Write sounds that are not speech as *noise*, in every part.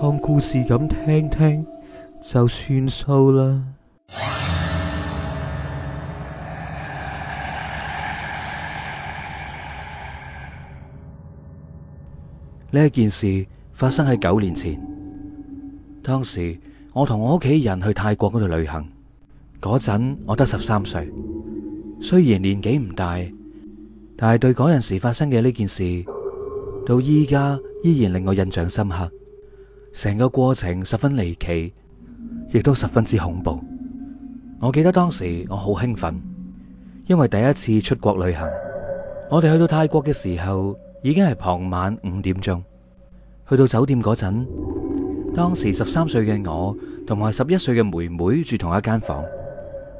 當故事咁聽聽就算數啦。呢件事發生喺九年前，當時我同我屋企人去泰國嗰度旅行嗰陣，我得十三歲。雖然年紀唔大，但係對嗰陣時發生嘅呢件事，到依家依然令我印象深刻。成個過程十分離奇，亦都十分之恐怖。我記得當時我好興奮，因為第一次出國旅行。我哋去到泰國嘅時候，已經係傍晚五點鐘。去到酒店嗰陣，當時十三歲嘅我同埋十一歲嘅妹妹住同一間房，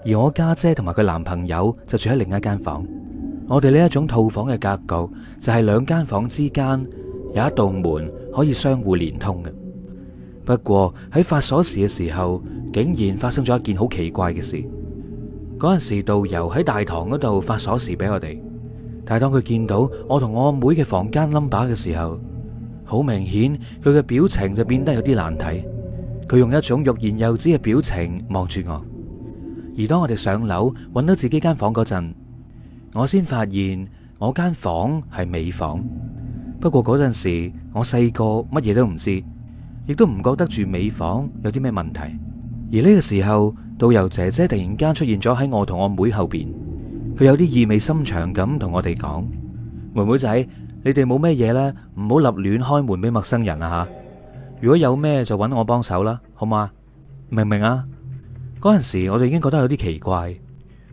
而我家姐同埋佢男朋友就住喺另一間房。我哋呢一種套房嘅格局就係兩間房之間有一道門可以相互連通嘅。不過喺發鎖匙嘅時候，竟然發生咗一件好奇怪嘅事。嗰陣時導遊喺大堂嗰度發鎖匙俾我哋，但係當佢見到我同我妹嘅房間 number 嘅時候，好明顯佢嘅表情就變得有啲難睇。佢用一種欲言又止嘅表情望住我。而當我哋上樓揾到自己間房嗰陣，我先發現我間房係尾房。不過嗰陣時我細個乜嘢都唔知。亦都唔覺得住美房有啲咩問題，而呢個時候，導遊姐姐突然間出現咗喺我同我妹後邊，佢有啲意味深長咁同我哋講： *noise* 妹妹仔，你哋冇咩嘢咧，唔好立亂開門俾陌生人啊吓！如果有咩就搵我幫手啦，好嘛？明唔明啊？嗰陣時我哋已經覺得有啲奇怪，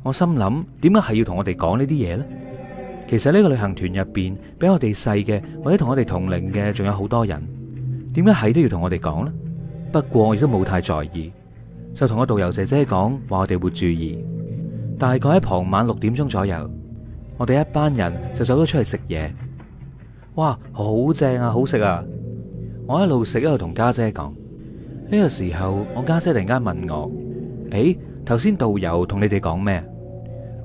我心諗，點解係要同我哋講呢啲嘢呢？其實呢個旅行團入邊比我哋細嘅或者同我哋同齡嘅仲有好多人。點解係都要同我哋講呢？不過我亦都冇太在意，就同個導遊姐姐講話，我哋會注意。大概喺傍晚六點鐘左右，我哋一班人就走咗出去食嘢。哇，好正啊，好食啊！我一路食一路同家姐講。呢個時候，我家姐突然間問我：誒，頭先導遊同你哋講咩？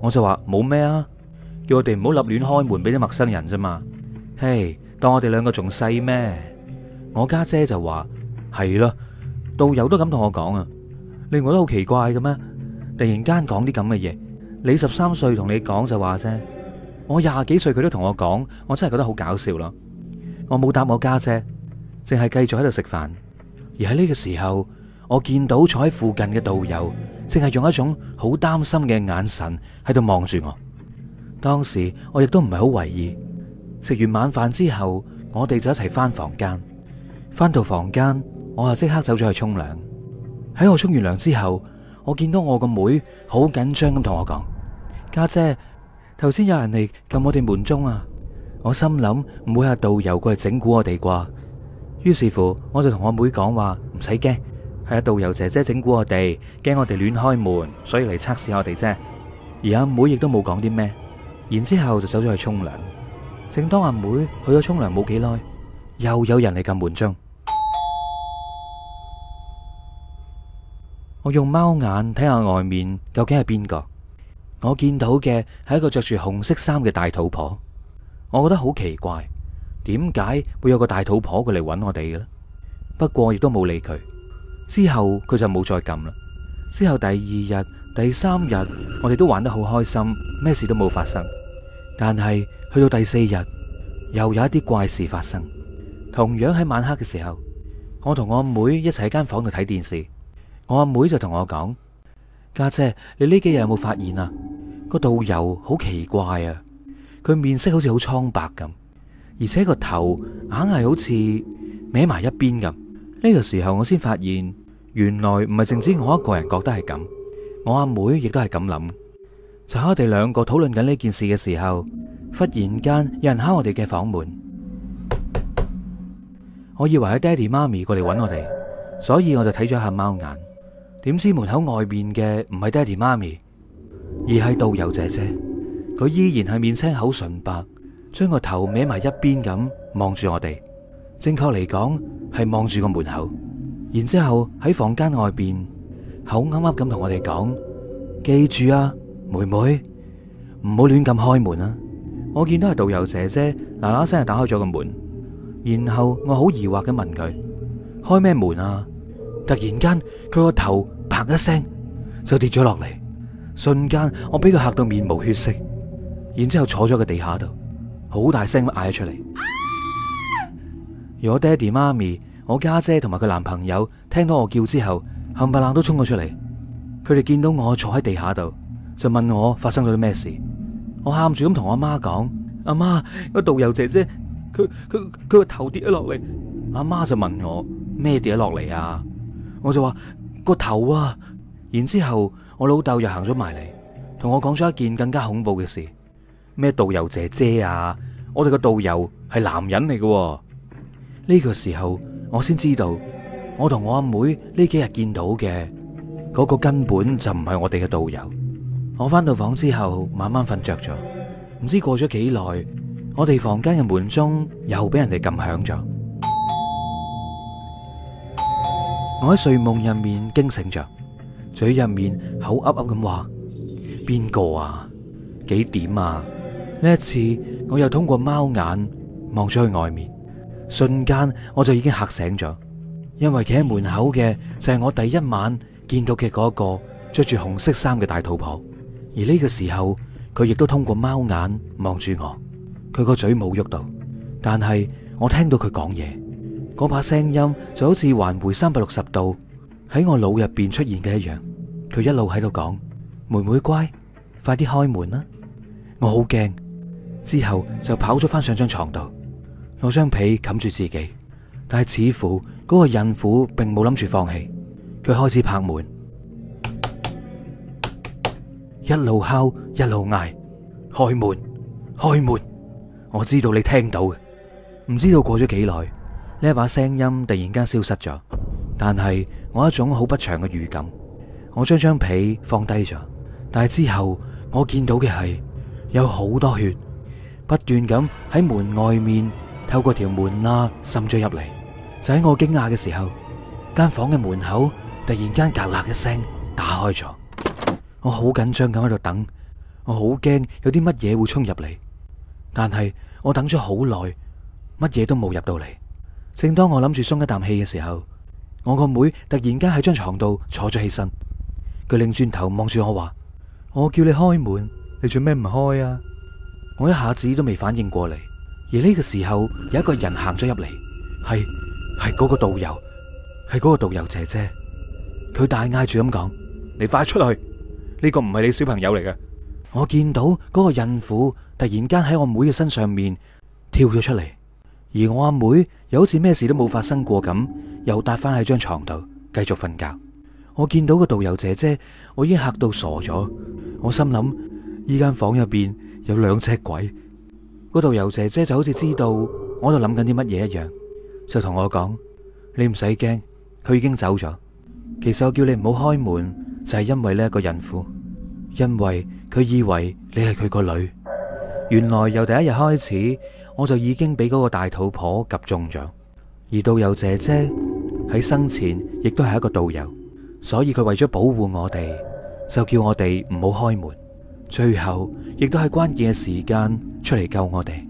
我就話冇咩啊，叫我哋唔好立亂開門俾啲陌生人啫嘛。嘿，當我哋兩個仲細咩？我家姐就話係咯，導遊都咁同我講啊，你覺得都好奇怪嘅咩？突然間講啲咁嘅嘢，你十三歲同你講就話啫，我廿幾歲佢都同我講，我真係覺得好搞笑咯。我冇答我家姐，淨係繼續喺度食飯。而喺呢個時候，我見到坐喺附近嘅導遊，淨係用一種好擔心嘅眼神喺度望住我。當時我亦都唔係好為意。食完晚飯之後，我哋就一齊翻房間。返到房間，我啊即刻走咗去沖涼。喺我沖完涼之後，我見到我個妹好緊張咁同我講：家姐，姐，頭先有人嚟撳我哋門鐘啊！我心諗唔會係導遊過嚟整蠱我哋啩。於是乎，我就同我妹講話唔使驚，係阿導遊姐姐整蠱我哋，驚我哋亂開門，所以嚟測試我哋啫。而阿妹，妹亦都冇講啲咩，然之後就走咗去沖涼。正當阿妹，妹去咗沖涼冇幾耐。又有人嚟撳門鐘，我用貓眼睇下外面究竟係邊個。我見到嘅係一個着住紅色衫嘅大肚婆。我覺得好奇怪，點解會有個大肚婆過嚟搵我哋嘅呢？不過我亦都冇理佢。之後佢就冇再撳啦。之後第二日、第三日，我哋都玩得好開心，咩事都冇發生。但係去到第四日，又有一啲怪事發生。同樣喺晚黑嘅時候，我同我阿妹一齊喺間房度睇電視。我阿妹就同我講：家姐，你呢幾日有冇發現啊？個導遊好奇怪啊！佢面色好似好蒼白咁，而且個頭硬係好似歪埋一邊咁。呢個時候我先發現，原來唔係淨止我一個人覺得係咁。我阿妹亦都係咁諗。就喺我哋兩個討論緊呢件事嘅時候，忽然間有人敲我哋嘅房門。我以為係爹哋媽咪過嚟揾我哋，所以我就睇咗下貓眼，點知門口外面嘅唔係爹哋媽咪，而係導遊姐姐。佢依然係面青口唇白，將個頭歪埋一邊咁望住我哋。正確嚟講係望住個門口。然之後喺房間外邊，口啱啱咁同我哋講：記住啊，妹妹，唔好亂咁開門啊！我見到係導遊姐姐嗱嗱聲，係打開咗個門。然後我好疑惑咁問佢開咩門啊？突然間佢個頭啪一聲就跌咗落嚟，瞬間我俾佢嚇到面無血色，然之後坐咗個地下度，好大聲嗌咗出嚟。而我爹哋媽咪、我家姐同埋佢男朋友聽到我叫之後，冚唪唥都衝咗出嚟。佢哋見到我坐喺地下度，就問我發生咗啲咩事。我喊住咁同我媽講：阿媽，個導遊姐姐。佢佢佢個頭跌咗落嚟，阿媽就問我咩跌咗落嚟啊？我就話個頭啊。然之後我老豆又行咗埋嚟，同我講咗一件更加恐怖嘅事：咩導遊姐姐啊？我哋個導遊係男人嚟嘅喎。呢個時候我先知道，我同我阿妹呢幾日見到嘅嗰個根本就唔係我哋嘅導遊。我翻到房之後，慢慢瞓着咗，唔知過咗幾耐。我哋房間嘅門鐘又俾人哋撳響咗，我喺睡夢入面驚醒咗，嘴入面口噏噏咁話：邊個啊？幾點啊？呢一次我又通過貓眼望咗去外面，瞬間我就已經吓醒咗，因為企喺門口嘅就係我第一晚見到嘅嗰個着住紅色衫嘅大肚婆，而呢個時候佢亦都通過貓眼望住我。佢個嘴冇喐到，但係我聽到佢講嘢，嗰把聲音就好似環回三百六十度喺我腦入邊出現嘅一樣。佢一路喺度講：「妹妹乖，快啲開門啦！」我好驚，之後就跑咗翻上張床度，攞張被冚住自己。但係似乎嗰個孕婦並冇諗住放棄，佢開始拍門，一路敲一路嗌：「開門，開門！」我知道你聽到嘅。唔知道過咗幾耐，呢一把聲音突然間消失咗。但係我一種好不祥嘅預感。我將張被放低咗，但係之後我見到嘅係有好多血不斷咁喺門外面透過條門罅滲咗入嚟。就喺我驚訝嘅時候，間房嘅門口突然間格喇一聲打開咗。我好緊張咁喺度等，我好驚有啲乜嘢會衝入嚟。但係我等咗好耐，乜嘢都冇入到嚟。正當我諗住鬆一啖氣嘅時候，我個妹突然間喺張床度坐咗起身，佢擰轉頭望住我話：我叫你開門，你做咩唔開啊？我一下子都未反應過嚟，而呢個時候有一個人行咗入嚟，係係嗰個導遊，係嗰個導遊姐姐，佢大嗌住咁講：你快出去，呢個唔係你小朋友嚟嘅。我見到嗰個孕婦突然間喺我妹嘅身上面跳咗出嚟，而我阿妹又好似咩事都冇發生過咁，又搭翻喺張床度繼續瞓覺。我見到個導遊姐姐，我已經嚇到傻咗。我心諗呢間房入邊有兩隻鬼。嗰導遊姐姐就好似知道我喺度諗緊啲乜嘢一樣，就同我講：你唔使驚，佢已經走咗。其實我叫你唔好開門，就係因為呢一個孕婦，因為。佢以為你係佢個女，原來由第一日開始，我就已經俾嗰個大肚婆盯中咗。而導遊姐姐喺生前亦都係一個導遊，所以佢為咗保護我哋，就叫我哋唔好開門。最後亦都係關鍵嘅時間出嚟救我哋。